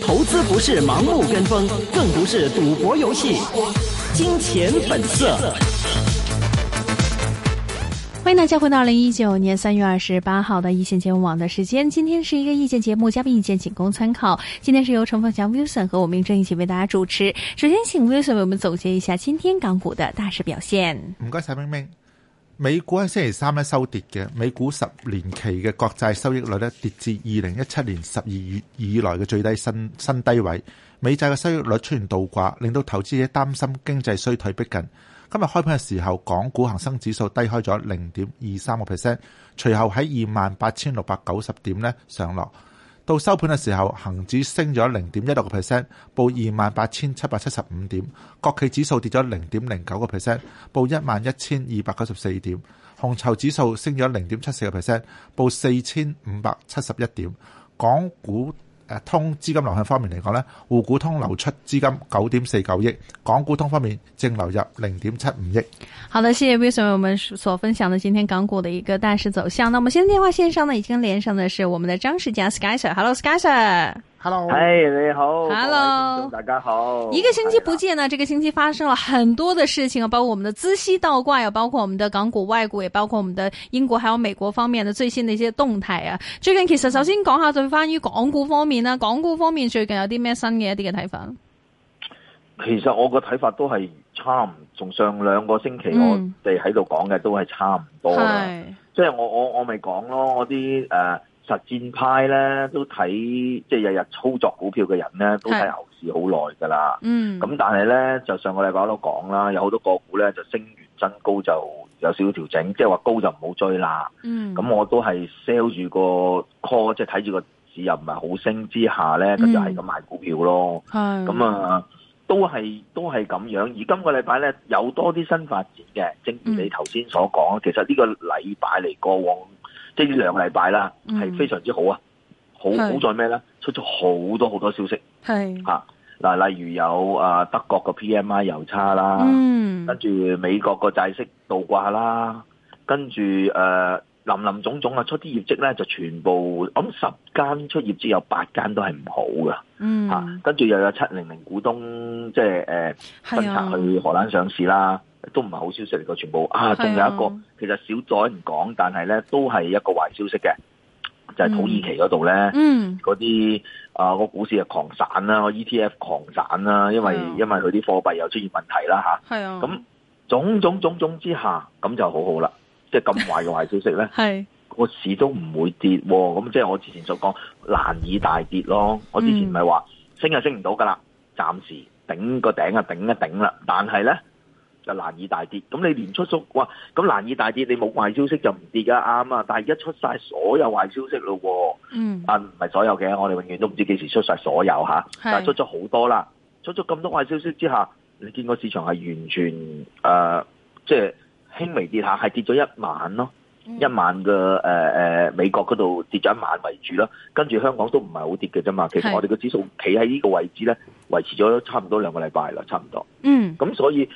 投資不是盲目跟風，更不是賭博遊戲。金錢本色。歡迎大家回到二零一九年三月二十八號的一線節目網的時間。今天是一個意見節目，嘉賓意見僅供參考。今天是由陳鳳翔 Wilson 和我明正一起為大家主持。首先，請 Wilson 為我們總結一下今天港股的大市表現。唔該晒，明明。美股喺星期三咧收跌嘅，美股十年期嘅國債收益率咧跌至二零一七年十二月以來嘅最低新新低位，美債嘅收益率出現倒掛，令到投資者擔心經濟衰退逼近。今日開盤嘅時候，港股恒生指數低開咗零點二三個 percent，隨後喺二萬八千六百九十點咧上落。到收盤嘅時候，恒指升咗零點一六個 percent，報二萬八千七百七十五點；國企指數跌咗零點零九個 percent，報一萬一千二百九十四點；紅籌指數升咗零點七四個 percent，報四千五百七十一點。港股通資金流向方面嚟講呢，滬股通流出資金九點四九億，港股通方面淨流入零點七五億。好，的，女士，以上係我們所分享的今天港股的一個大勢走向。那麼現在電話線上呢，已經連上的是我們的張士佳 Sky Sir。Hello，Sky Sir。hello，hey, 你好，hello，大家好。一個星期不見呢，這個星期發生了很多的事情啊，包括我們的孳息倒掛，有包括我們的港股、外股，也包括我們的英國還有美國方面的最新的一些動態啊。最近其實首先講一下對關於港股方面呢，港股方面最近有啲咩新嘅一啲嘅睇法？其實我個睇法都係差唔，從上兩個星期我哋喺度講嘅都係差唔多即係、嗯、我我我咪講咯，我啲誒。呃實戰派咧都睇，即係日日操作股票嘅人咧都睇牛市好耐噶啦。嗯，咁但係咧就上個禮拜我都講啦，有好多個股咧就升完增高就有少少調整，即係話高就唔好追啦。嗯，咁我都係 sell 住個 call，即係睇住個市又唔係好升之下咧，咁、嗯、就係咁賣股票咯。係，咁啊都係都係咁樣。而今個禮拜咧有多啲新發展嘅，正如你頭先所講，嗯、其實呢個禮拜嚟過往。即、就、係、是、兩禮拜啦，係非常之好啊！嗯、好好在咩咧？出咗好多好多消息，嗱、啊，例如有、呃、德國個 P M I 又差啦，跟、嗯、住美國個債息倒掛啦，跟住誒林林總總啊出啲業績咧就全部，咁十間出業績只有八間都係唔好㗎。跟、嗯、住、啊、又有七零零股東即係分拆去荷蘭上市啦。都唔係好消息嚟嘅，全部啊，仲有一個，啊、其實小仔唔講，但係咧都係一個壞消息嘅，就係、是、土耳其嗰度咧，嗰啲啊個股市啊狂散啦，E T F 狂散啦，因為、啊、因為佢啲貨幣又出現問題啦吓，係啊，咁、啊、種種種種之下，咁就好好啦，即係咁壞嘅壞消息咧，係個市都唔會跌喎，咁即係我之前所講難以大跌咯，我之前咪話升就升唔到噶啦，暫時頂個頂啊頂一頂啦，但係咧。就難以大跌，咁你連出縮哇，咁難以大跌，你冇壞消息就唔跌噶、啊、啱啊！但係而家出晒所有壞消息咯喎、啊，嗯，啊唔係所有嘅，我哋永遠都唔知幾時出晒所有嚇、啊，但係出咗好多啦，出咗咁多壞消息之下，你見個市場係完全誒，即、呃、係、就是、輕微跌下，係、嗯、跌咗一晚咯，嗯、一晚嘅、呃、美國嗰度跌咗一晚為主啦，跟住香港都唔係好跌嘅啫嘛，其實我哋個指數企喺呢個位置咧，維持咗差唔多兩個禮拜啦，差唔多，嗯，咁所以。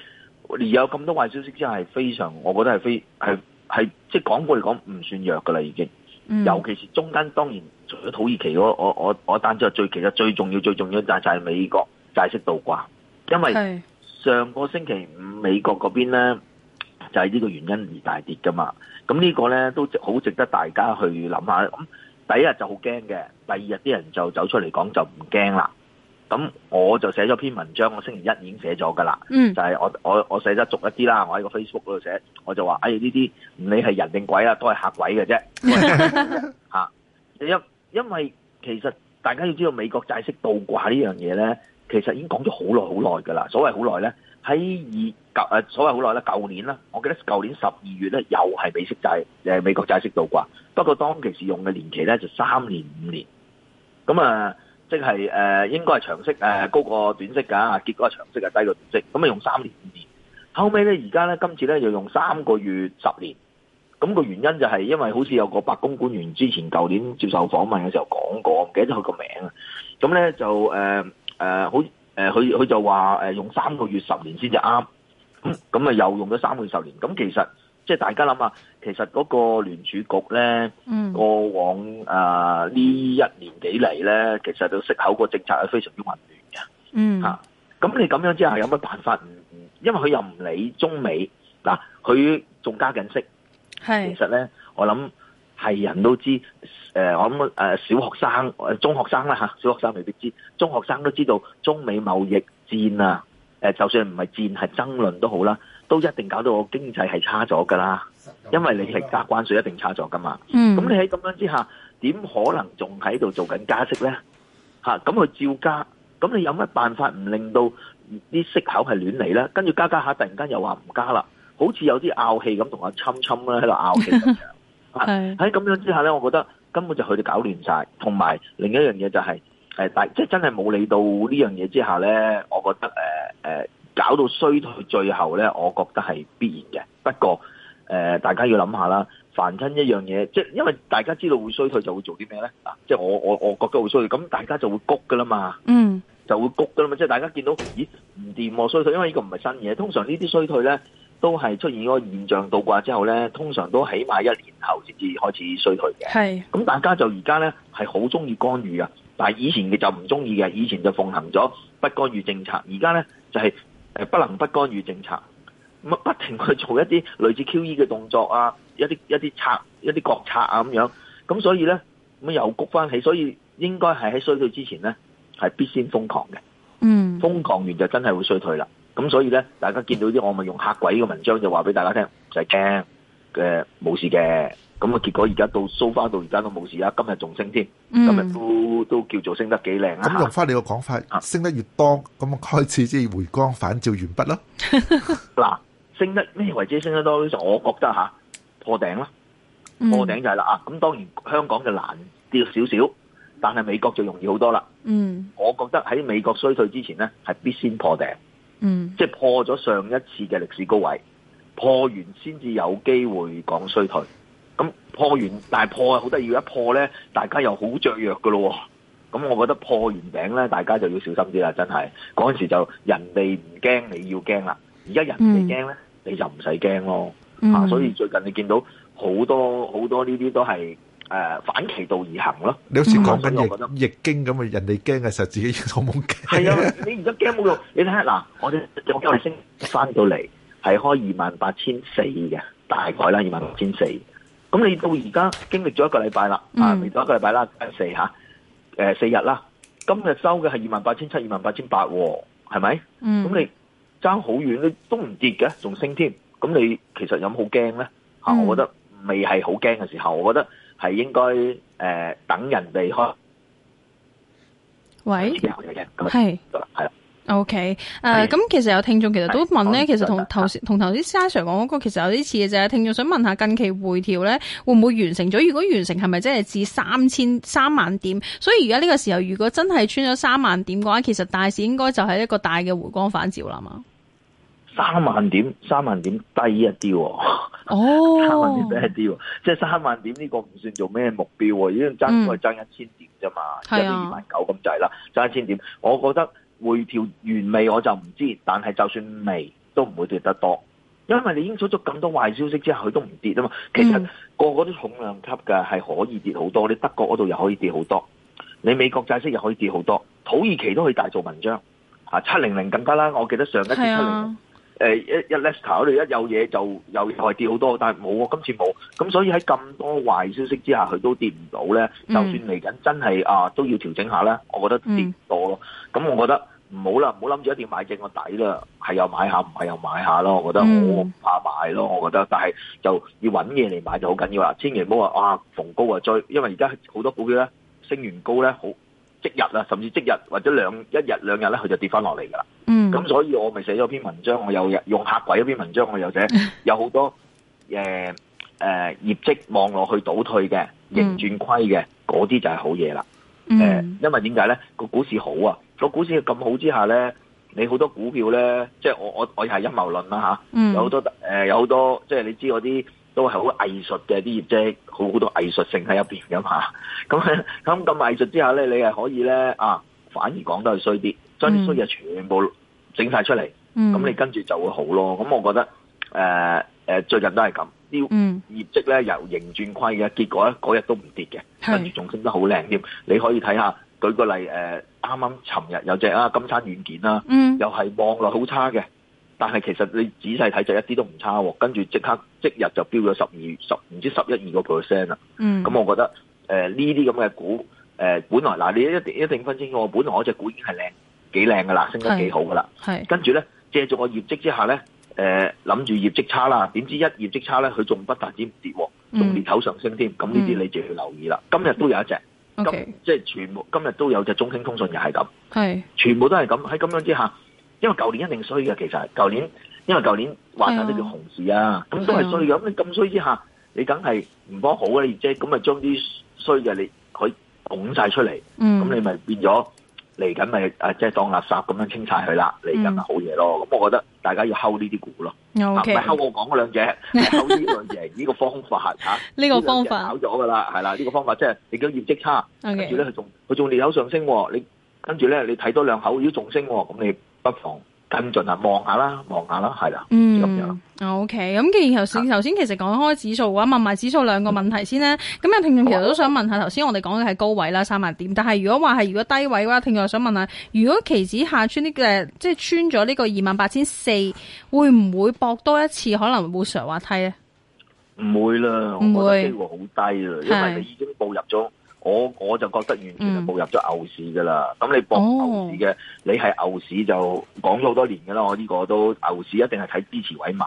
而有咁多壞消息之後，係非常，我覺得係非係係即係講句嚟講，唔算弱噶啦，已經。嗯。尤其是中間，當然除咗土耳其嗰，我我我單之後最其實最重要最重要就係美國債息倒掛，因為上個星期五美國嗰邊咧就係、是、呢個原因而大跌噶嘛。咁呢個咧都好值得大家去諗下。咁第一日就好驚嘅，第二日啲人就走出嚟講就唔驚啦。咁我就寫咗篇文章，我星期一已經寫咗噶啦，就係、嗯、我我我寫得俗一啲啦，我喺個 Facebook 嗰度寫，我就話：哎，呢啲唔理係人定鬼啊，都係吓鬼嘅啫。吓，因因為其實大家要知道美國債息倒掛呢樣嘢咧，其實已經講咗好耐好耐噶啦。所謂好耐咧，喺二舊誒，所謂好耐咧，舊年啦，我記得舊年十二月咧，又係美息債誒，美國債息倒掛，不過當其時用嘅年期咧就三年五年，咁啊。即係誒、呃，應該係長息誒、呃、高過短息噶結果長息係低過短息，咁啊用三年、五年。後尾咧，而家咧今次咧又用三個月十年，咁個原因就係因為好似有個白宮官員之前舊年接受訪問嘅時候講過，唔記得咗佢個名啊。咁咧就誒誒好誒，佢、呃、佢、呃、就話誒用三個月十年先至啱，咁咁啊又用咗三個月十年，咁其實。即、就、係、是，大家諗下，其實嗰個聯儲局咧、嗯，過往啊呢、呃、一年幾嚟咧，其實個息口個政策係非常之混亂嘅。嗯、吓、啊、咁你咁樣之後有乜辦法？唔，因為佢又唔理中美，嗱佢仲加緊息。係，其實咧，我諗係人都知道，誒、呃，我諗誒小學生、呃、中學生啦吓，小學生未必知，中學生都知道中美貿易戰啊，誒、呃，就算唔係戰，係爭論都好啦。都一定搞到我經濟係差咗噶啦，因為你係加關稅一定差咗噶嘛。咁、嗯、你喺咁樣之下，點可能仲喺度做緊加息咧？吓、啊，咁佢照加，咁你有乜辦法唔令到啲息口係亂嚟咧？跟住加加下，突然間又話唔加啦，好似有啲拗氣咁同我侵侵啦喺度拗氣咁樣。喺 咁、啊、樣之下咧，我覺得根本就佢哋搞亂晒。同埋另一樣嘢就係誒大，即、欸、係、就是、真係冇理到呢樣嘢之下咧，我覺得誒誒。呃呃搞到衰退，最後咧，我覺得係必然嘅。不過，呃、大家要諗下啦。凡親一樣嘢，即係因為大家知道會衰退，就會做啲咩咧？啊，即係我我我覺得會衰退，咁大家就會谷噶啦嘛。嗯，就會谷噶啦嘛。即係大家見到，咦，唔掂喎，我衰退，因為呢個唔係新嘢。通常呢啲衰退咧，都係出現嗰個現象倒掛之後咧，通常都起碼一年後先至開始衰退嘅。係。咁、嗯、大家就而家咧係好中意干預啊，但係以前嘅就唔中意嘅，以前就奉行咗不干預政策，而家咧就係、是。誒，不能不干預政策，咁啊不停去做一啲類似 QE 嘅動作啊，一啲一啲策一啲國策啊咁樣，咁所以咧，咁又谷翻起，所以應該係喺衰退之前咧，係必先瘋狂嘅。嗯，瘋狂完就真係會衰退啦，咁所以咧，大家見到啲我咪用嚇鬼嘅文章就話俾大家聽，唔使驚。誒，冇事嘅，咁啊，結果而家到 so far 到而家都冇事啊，今日仲升添，嗯，今日都都叫做升得幾靚啊！咁用翻你個講法，啊，升得越多，咁啊開始即係回光返照完畢啦。嗱，啊，升得咩，為止升得多？我覺得吓破頂啦，破頂就係啦，嗯，啊！咁當然香港就難跌少少，但係美國就容易好多啦。嗯，我覺得喺美國衰退之前咧，係必先破頂。嗯，即係破咗上一次嘅歷史高位。破完先至有機會講衰退，咁破完，但係破好得意，一破咧，大家又好雀躍㗎咯。咁，我覺得破完頂咧，大家就要小心啲啦，真係嗰陣時就人哋唔驚，你要驚啦。而家人哋驚咧，你就唔使驚咯。嚇，所以最近你見到好多好多呢啲都係誒反其道而行咯。你好似講緊逆逆經咁啊！人哋驚嘅時候，自己完全冇驚。係啊，你而家驚冇用，你睇下嗱，我哋就開始升翻到嚟。係開二萬八千四嘅，大概啦二萬八千四。咁你到而家經歷咗一個禮拜啦、嗯，啊，未到一個禮拜啦，四吓，誒、呃，四日啦。今日收嘅係二萬八千七、二萬八千八，係、嗯、咪？咁你爭好遠，都唔跌嘅，仲升添。咁你其實有冇好驚咧？吓、嗯，我覺得未係好驚嘅時候，我覺得係應該誒、呃、等人哋開。喂。係、啊。得啦，係啦。O K，誒，咁其實有聽眾其實都問咧，其實同頭先同頭先 Sky Sir 講嗰個其實有啲似嘅，就係。聽眾想問下近期回調咧，會唔會完成咗？如果完成，係咪真係至三千三萬點？所以而家呢個時候，如果真係穿咗三萬點嘅話，其實大市應該就係一個大嘅回光返照啦嘛。三萬點，三萬點低一啲、喔，哦，三萬點低一啲、喔，即係三萬點呢個唔算做咩目標、喔，嗯、1, 已經爭都係爭一千點啫嘛，爭到二萬九咁滯啦，爭一千點，我覺得。回調完未我就唔知，但係就算未都唔會跌得多，因為你已經出咗咁多壞消息之後，佢都唔跌啊嘛。其實個個，都重量級嘅係可以跌好多，你德國嗰度又可以跌好多，你美國債息又可以跌好多，土耳其都可以大做文章，吓七零零更加啦。我記得上一次七零，誒、欸、一一 Lester 嗰度一有嘢就又又係跌好多，但係冇喎。今次冇，咁所以喺咁多壞消息之下，佢都跌唔到咧。就算嚟緊真係啊，都要調整下咧。我覺得跌多咯，咁、嗯嗯、我覺得唔好啦，唔好諗住一定要買正個底啦，係又買下，唔係又買下咯。我覺得我怕買咯，我覺得，但係就要揾嘢嚟買就好緊要啦。千祈唔好話啊逢高啊再，因為而家好多股票咧升完高咧好。即日啊，甚至即日或者兩一日兩日咧，佢就跌返落嚟㗎喇。嗯，咁所以我咪寫咗篇文章，我有日用客鬼一篇文章，我,又用客文章我又寫有寫有好多誒誒、呃呃、業績望落去倒退嘅盈轉虧嘅嗰啲就係好嘢啦。嗯，嗯呃、因為點解咧個股市好啊？個股市咁好之下咧，你好多股票咧，即係我我我係陰謀論啦、啊、嚇、嗯。有好多、呃、有好多即係你知嗰啲。都係好藝術嘅啲業績，好好多藝術性喺入邊噶嘛。咁咁咁藝術之下咧，你係可以咧啊，反而講得係衰啲，將啲衰嘢全部整晒出嚟，咁、mm. 你跟住就會好咯。咁我覺得誒誒、呃，最近都係咁，啲業績咧由盈轉虧嘅結果咧，嗰日都唔跌嘅，跟住仲升得好靚添。你可以睇下，舉個例誒，啱啱尋日有隻啊金山軟件啦，mm. 又係望落好差嘅。但係其實你仔細睇就一啲都唔差，哦，跟住即刻即日就飆咗十二十唔知十一二個 percent 啦。嗯、咁、嗯、我覺得誒呢啲咁嘅股誒，呃、本來嗱你一一定分清我本來我隻股已經係靚幾靚噶啦，升得幾好噶啦。係，跟住咧借助個業績之下咧，誒諗住業績差啦，點知一業績差咧佢仲不但止唔跌，哦，仲跌頭上升添。咁呢啲你就要留意啦，嗯。今日都有一隻，嗯 okay，即係全部今日都有隻中興通訊又係咁，係全部都係咁喺咁樣之下。因為舊年一定衰嘅，其實舊年因為舊年話晒都叫熊市啊，咁都係衰嘅。咁你咁衰之下，你梗係唔多好嘅你即係。咁啊，將啲衰嘅你，佢拱晒出嚟，咁你咪變咗嚟緊咪啊，即係當垃圾咁樣清晒佢啦。嚟緊咪好嘢咯。咁、嗯、我覺得大家要 hold 呢啲股咯，咪、okay，係、啊、我講嗰兩隻 hold 呢樣嘢呢個方法吓，呢、啊這個方法搞咗噶啦，係啦，呢、這個方法即係、就是、你嘅業績差，okay。跟住咧佢仲佢仲逆口上升，你跟住咧你睇多兩口，如果仲升，咁你。不妨跟進啊，望下啦，望下啦，係啦。嗯，OK 咁。咁既然頭先其實講開指數嘅話，問埋指數兩個問題先咧。咁有聽眾其實都想問下，頭先我哋講嘅係高位啦，三萬點。但係如果話係如果低位嘅話，聽眾又想問下，如果期指下穿呢個，即係穿咗呢個二萬八千四，會唔會搏多一次可能會上滑梯咧？唔會啦，唔會機會好低啦，因為你已經步入咗。我我就覺得完全係步入咗牛市噶啦，咁、嗯、你搏牛市嘅、哦，你係牛市就講咗好多年噶啦。我呢個都牛市一定係睇支持位買，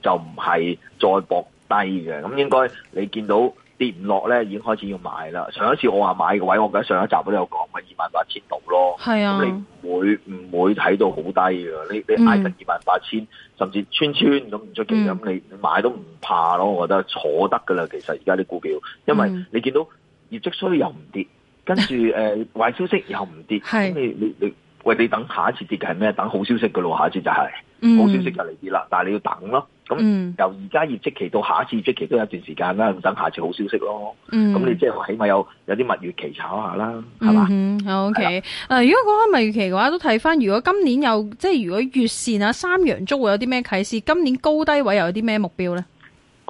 就唔係再搏低嘅。咁應該你見到跌唔落咧，已經開始要買啦。上一次我話買嘅位，我記得上一集都有講嘅，二萬八千度咯。係啊，你唔會唔會睇到好低㗎？你你挨近二萬八千，甚至穿穿咁唔出奇。咁、嗯、你買都唔怕咯，我覺得坐得噶啦。其實而家啲股票，因為你見到。嗯業績衰又唔跌，跟住誒壞消息又唔跌，咁 你你你，喂你等下一次跌嘅係咩？等好消息嘅咯，下一次就係、是嗯、好消息就嚟跌啦，但係你要等咯。咁、嗯、由而家業績期到下一次業績期都有一段時間啦，等下次好消息咯。咁、嗯、你即係起碼有有啲蜜月期炒下啦，係嘛？嗯 OK。嗱、啊，如果講蜜月期嘅話，都睇翻，如果今年有即係如果月線啊三陽燭會有啲咩啟示？今年高低位又有啲咩目標咧？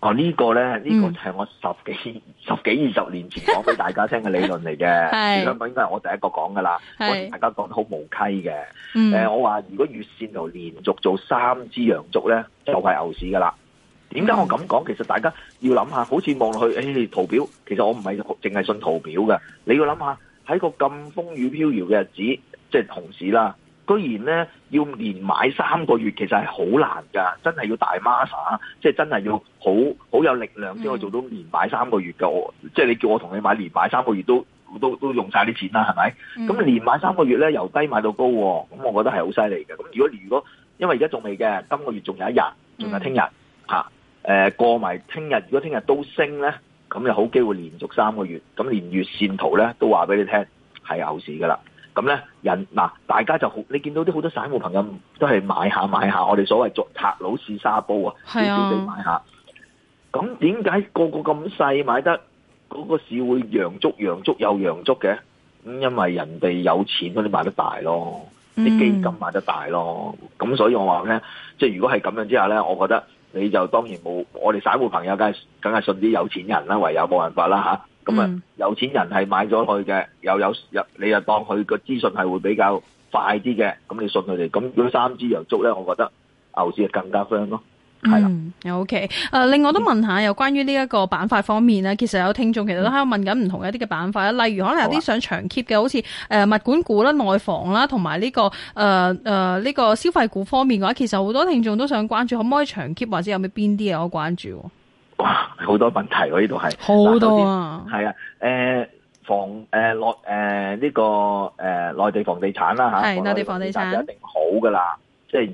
哦，這個、呢、這個咧，呢個係我十幾、嗯、十幾二十年前講俾大家聽嘅理論嚟嘅。呢兩句應該係我第一個講噶啦，我大家講得好無稽嘅。誒、嗯、呃，我話如果月線圖連續做三支陽燭咧，就係、是、牛市噶啦。點解我咁講、嗯？其實大家要諗下，好似望落去，誒、哎，圖表。其實我唔係淨係信圖表嘅。你要諗下，喺個咁風雨飄搖嘅日子，即、就、係、是、同市啦。固然咧，要連買三個月其實係好難噶，真係要大 master，即係真係要好好有力量先可以做到連買三個月噶、嗯。我即係你叫我同你買連買三個月都都都用晒啲錢啦，係咪？咁、嗯、連買三個月咧由低買到高、啊，咁我覺得係好犀利嘅。咁如果如果因為而家仲未嘅，今個月仲有一日，仲有聽日吓，誒、嗯啊、過埋聽日，如果聽日都升咧，咁又好機會連續三個月，咁連月線圖咧都話俾你聽係牛市噶啦。咁咧，人嗱，大家就好，你見到啲好多散戶朋友都係買下買下，我哋所謂作拆老市沙煲啊，小小你買下。咁點解個個咁細買得嗰、嗰個市會揚足揚足又揚足嘅？咁因為人哋有錢嗰啲買得大咯，啲基金買得大咯。咁所以我話咧，即係如果係咁樣之下咧，我覺得你就當然冇，我哋散戶朋友梗係梗係信啲有錢人啦，唯有冇辦法啦嚇咁、嗯、啊、嗯，有錢人係買咗佢嘅，又有有你又當佢個資訊係會比較快啲嘅，咁你信佢哋，咁如果三支陽燭咧，我覺得牛市更加香咯。嗯，OK，誒、呃，另外都問一下，有關於呢一個板塊方面咧，其實有聽眾其實都喺度問緊唔同的一啲嘅板塊啦，例如可能有啲想長 keep 嘅，好似、啊、誒物管股啦、內房啦，同埋呢個誒誒呢個消費股方面嘅話，其實好多聽眾都想關注可唔可以長 keep，或者有咩邊啲嘢可關注？哇！好多問題喎、啊，呢度係好多啊，係啊，誒房誒內誒呢個誒內、呃、地房地產啦、啊、嚇，內地房地產就一定好噶啦，即係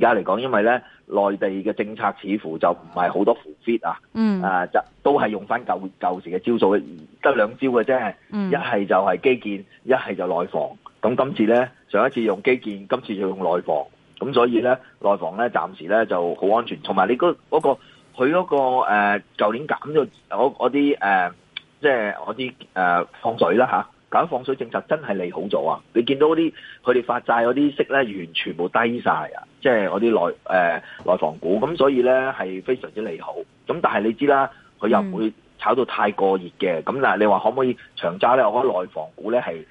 而而家嚟講，因為咧內地嘅政策似乎就唔係好多 full fit 啊，嗯啊就都係用翻舊舊時嘅招數，得兩招嘅啫。嗯，一係就係基建，一係就內房，咁今次咧上一次用基建，今次就用內房，咁所以咧內房咧暫時咧就好安全，同埋你個、那、嗰個。那個佢嗰、那個誒舊、呃、年減咗我啲誒、呃，即係我啲誒放水啦嚇、啊，減放水政策真係利好咗啊！你見到啲佢哋發債嗰啲息咧，完全冇低曬啊！即係我啲內誒內房股，咁所以咧係非常之利好。咁但係你知啦，佢又唔會炒到太過熱嘅。咁、嗯、嗱，你話可唔可以長揸咧？我覺得內房股咧係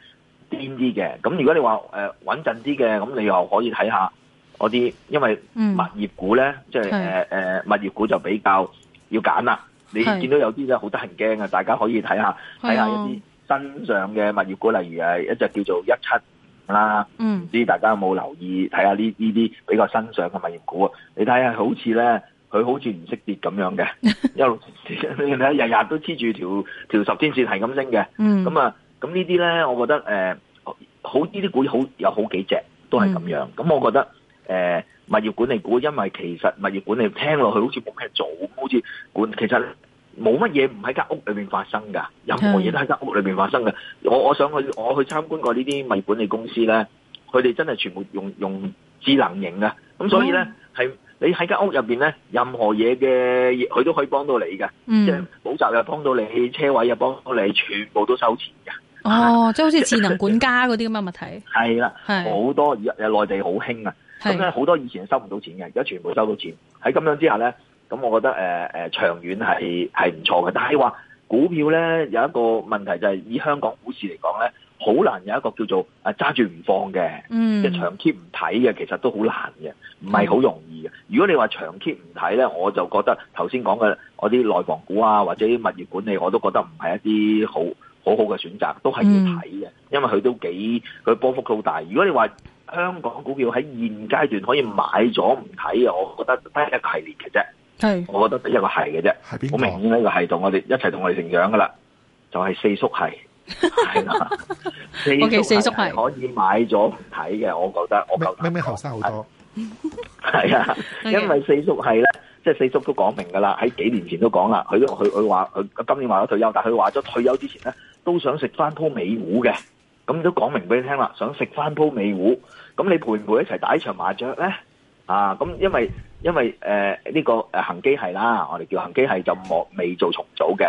偏啲嘅。咁如果你話穩陣啲嘅，咁、呃、你又可以睇下。嗰啲，因為物業股咧、嗯，即係誒物業股就比較要揀啦。你見到有啲咧好得人驚嘅，大家可以睇下睇、哦、下一啲新上嘅物業股，例如係一隻叫做一七啦，唔知大家有冇留意睇下呢呢啲比較新上嘅物業股啊？你睇下好似咧，佢好似唔識跌咁樣嘅，一路你睇日日都黐住條條十天線係咁升嘅，咁啊咁呢啲咧，我覺得、呃、好呢啲股好有好幾隻都係咁樣，咁、嗯、我覺得。誒、呃，物業管理股，因為其實物業管理聽落去好似冇咩做，好似管，其實冇乜嘢唔喺間屋裏邊發生噶，任何嘢都喺間屋裏邊發生噶。我我想去，我去參觀過呢啲物業管理公司咧，佢哋真係全部用用智能型㗎。咁所以咧係、嗯、你喺間屋入邊咧，任何嘢嘅佢都可以幫到你嘅，即係補習又幫到你，汽車位又幫到你，全部都收錢㗎。哦， 即係好似智能管家嗰啲咁嘅物體，係啦，好多而內地好興啊。咁咧好多以前收唔到錢嘅，而家全部收到錢。喺咁樣之下咧，咁我覺得誒誒、呃呃、長遠係係唔錯嘅。但係話股票咧有一個問題就係、是，以香港股市嚟講咧，好難有一個叫做啊揸住唔放嘅，即、嗯、係長期唔睇嘅，其實都好難嘅，唔係好容易嘅、嗯。如果你話長期唔睇咧，我就覺得頭先講嘅嗰啲內房股啊，或者啲物業管理，我都覺得唔係一啲好好好嘅選擇，都係要睇嘅，因為佢都幾佢波幅都好大。如果你話，香港股票喺現階段可以買咗唔睇啊，我覺得都係一個系列嘅啫。係，我覺得只有一個係嘅啫。係好明顯呢個係同我哋一齊同我哋成長噶啦，就係、是、四叔係。係 啦、啊，我四叔係可以買咗唔睇嘅，我覺得我夠。咩咩學生好多。係啊，因為四叔係咧，即係四叔都講明噶啦，喺幾年前都講啦，佢都佢佢話佢今年話咗退休，但係佢話咗退休之前咧，都想食翻鋪美糊嘅。咁都講明俾你聽啦，想食翻鋪美糊，咁你陪唔陪一齊打一場麻雀咧？啊，咁因為因為誒呢、呃這個恆基係啦，我哋叫恆基係就未做重組嘅。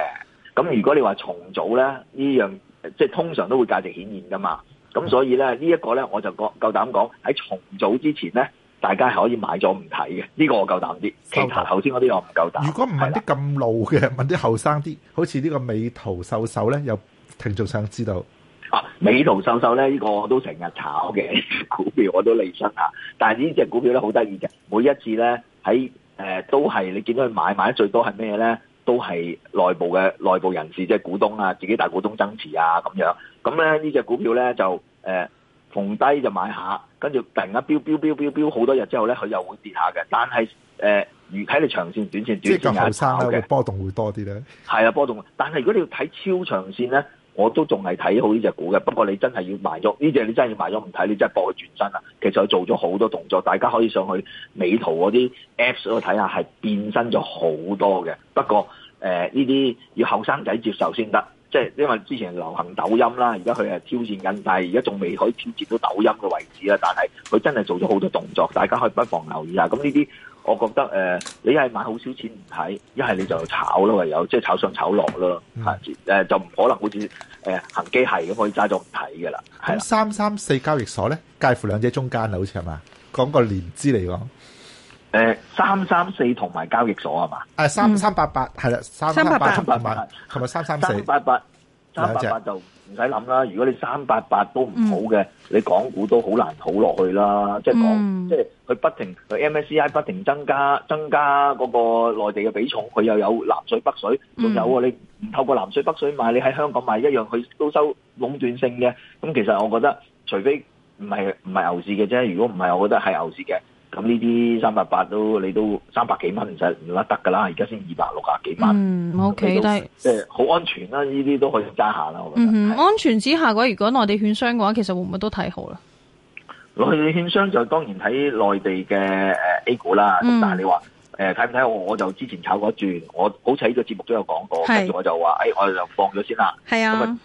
咁如果你話重組咧，呢樣即係通常都會價值顯現噶嘛。咁所以咧呢一、這個咧，我就夠膽講喺重組之前咧，大家係可以買咗唔睇嘅。呢、這個我夠膽啲。其他頭先嗰啲我唔夠膽。如果唔問啲咁老嘅，問啲後生啲，好似呢個美圖秀秀咧，有聽眾想知道。啊！美圖秀秀咧，呢、這個我都成日炒嘅、這個、股票，我都利身啊！但係呢隻股票咧好得意嘅，每一次咧喺誒都係你見到佢買買得最多係咩咧？都係內部嘅內部人士，即係股東啊，自己大股東增持啊咁樣。咁、嗯、咧呢隻股票咧就誒、呃、逢低就買下，跟住突然間飆飆飆飆飆好多日之後咧，佢又會跌下嘅。但係誒、呃，如睇你長線、短線、短線後生咧，波動會多啲咧。係啊，波動。但係如果你要睇超長線咧。我都仲係睇好呢隻股嘅，不過你真係要賣咗呢隻，你真係要賣咗唔睇，你真係搏佢轉身啊！其實佢做咗好多動作，大家可以上去美圖嗰啲 Apps 嗰度睇下，係變身咗好多嘅。不過誒，呢啲要後生仔接受先得，即係因為之前流行抖音啦，而家佢係挑戰緊，但係而家仲未可以挑戰到抖音嘅位置啦。但係佢真係做咗好多動作，大家可以不妨留意下。咁呢啲。我覺得誒、呃，你係買好少錢唔睇，一係你就炒咯，唯有即係炒上炒落咯，吓、嗯，誒就唔可能好似誒、呃、行機係咁可以揸咗唔睇噶啦。咁三三四交易所咧，介乎兩者中間啦，好似係嘛？講個連資嚟講，誒三三四同埋交易所係嘛？誒三三八八係啦，三三八八係咪三三四？388, 388, 388, 三八八就唔使諗啦，如果你三八八都唔好嘅，嗯，你港股都好難討落去啦。即係講，嗯，即係佢不停，佢 MSCI 不停增加，增加嗰個內地嘅比重，佢又有南水北水，仲有你唔透過南水北水買，你喺香港買一樣，佢都收壟斷性嘅。咁其實我覺得，除非唔係唔係牛市嘅啫，如果唔係，我覺得係牛市嘅。咁呢啲三百八都你都三百幾蚊唔使唔甩得噶啦，而家先二百六啊幾蚊，嗯，OK，但即係好安全啦，呢啲都可以加下啦。我覺得安全之下嘅話，如果內地券商嘅話，其實會唔會都睇好啦？內地券商就當然睇內地嘅誒 A 股啦。咁、嗯、但係你話誒睇唔睇？我、呃、我就之前炒過一轉，我好似喺個節目都有講過，跟住我就話誒、哎，我就放咗先啦。係啊。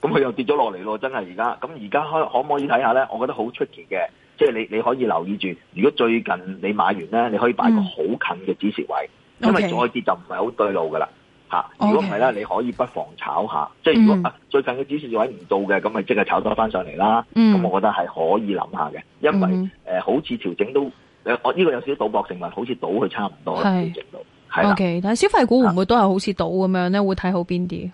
咁佢又跌咗落嚟咯，真係而家。咁而家可可唔可以睇下咧？我覺得好出奇嘅。即係你你可以留意住，如果最近你買完咧，你可以擺個好近嘅指示位，嗯，因為再跌就唔係好對路噶啦吓。如果唔係咧，你可以不妨炒下。Okay, 即係如果、嗯、最近嘅指示位唔到嘅，咁咪即係炒多翻上嚟啦。咁、嗯、我覺得係可以諗下嘅，因為誒、嗯呃、好似調整都，我、啊、呢、啊這個有少少賭博成分，好似賭佢差唔多程度係啦。但係消費股會唔會都係好似賭咁樣咧，會睇好邊啲？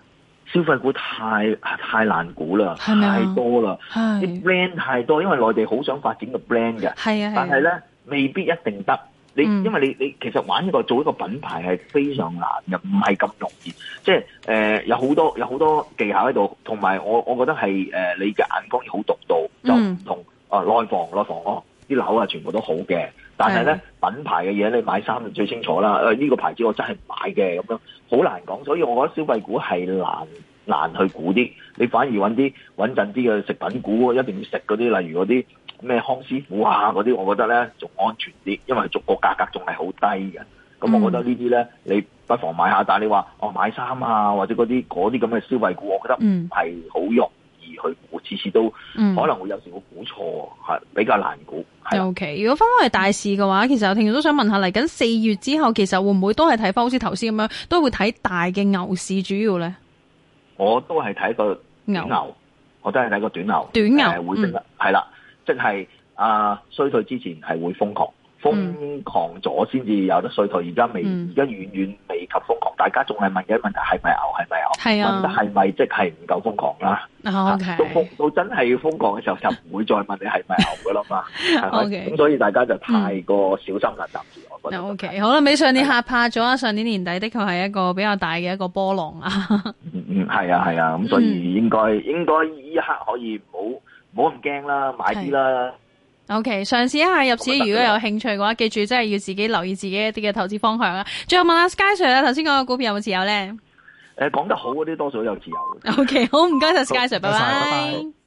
消費股太太難估啦，太多啦，啲 brand 太多，因為內地好想發展個 brand 嘅，但係咧未必一定得。你、嗯、因為你你其實玩一、呢個做一個品牌係非常難嘅，唔係咁容易。即、就、係、是呃、有好多有好多技巧喺度，同埋我我覺得係、呃、你嘅眼光要好獨到，就唔同啊、嗯呃、內房內房啲、哦、樓啊全部都好嘅。但係咧，品牌嘅嘢你買衫就最清楚啦。誒呢個牌子我真係唔買嘅，咁樣好難講。所以我覺得消費股係難難去估啲，你反而搵啲穩陣啲嘅食品股，一定要食嗰啲，例如嗰啲咩康師傅啊嗰啲，我覺得咧仲安全啲，因為逐個價格仲係好低嘅。咁我覺得呢啲咧，你不妨買下。但係你話哦買衫啊，或者嗰啲嗰啲咁嘅消費股，我覺得唔係好郁。嗯去，我次次都可能會有時會估錯，係、嗯、比較難估。O、okay. K，如果翻翻嚟大市嘅話，其實我聽眾都想問下嚟緊四月之後，其實會唔會都係睇翻好似頭先咁樣，都會睇大嘅牛市主要咧？我都係睇個短牛，牛我都係睇個短牛，短牛、呃、會升啦，係、嗯、啦，即係啊衰退之前係會瘋狂，瘋狂咗先至有得衰退，而家未，而、嗯、家遠遠及瘋狂，大家仲係問緊問題係咪牛？係咪牛？問得係咪即係唔夠瘋狂啦？OK，到瘋到真係要瘋狂嘅時候，就唔會再問你係咪牛噶啦嘛。 OK，咁所以大家就太過小心慎獨住，我覺得。OK，好啦，美上年嚇怕咗啊，上年年底的確係一個比較大嘅一個波浪、 嗯、啊。嗯嗯，係啊係啊，咁所以應該應該依一刻可以唔好咁驚啦，買啲啦。O K，嘗試一下入市。如果有興趣嘅話，記住真係要自己留意自己一啲嘅投資方向啊！最後問下 Sky Sir 啦，頭先講嘅股票有冇自由咧？誒，講得好嗰啲多數都有自由。O K，好唔該晒，Sky Sir，拜拜。拜拜拜拜。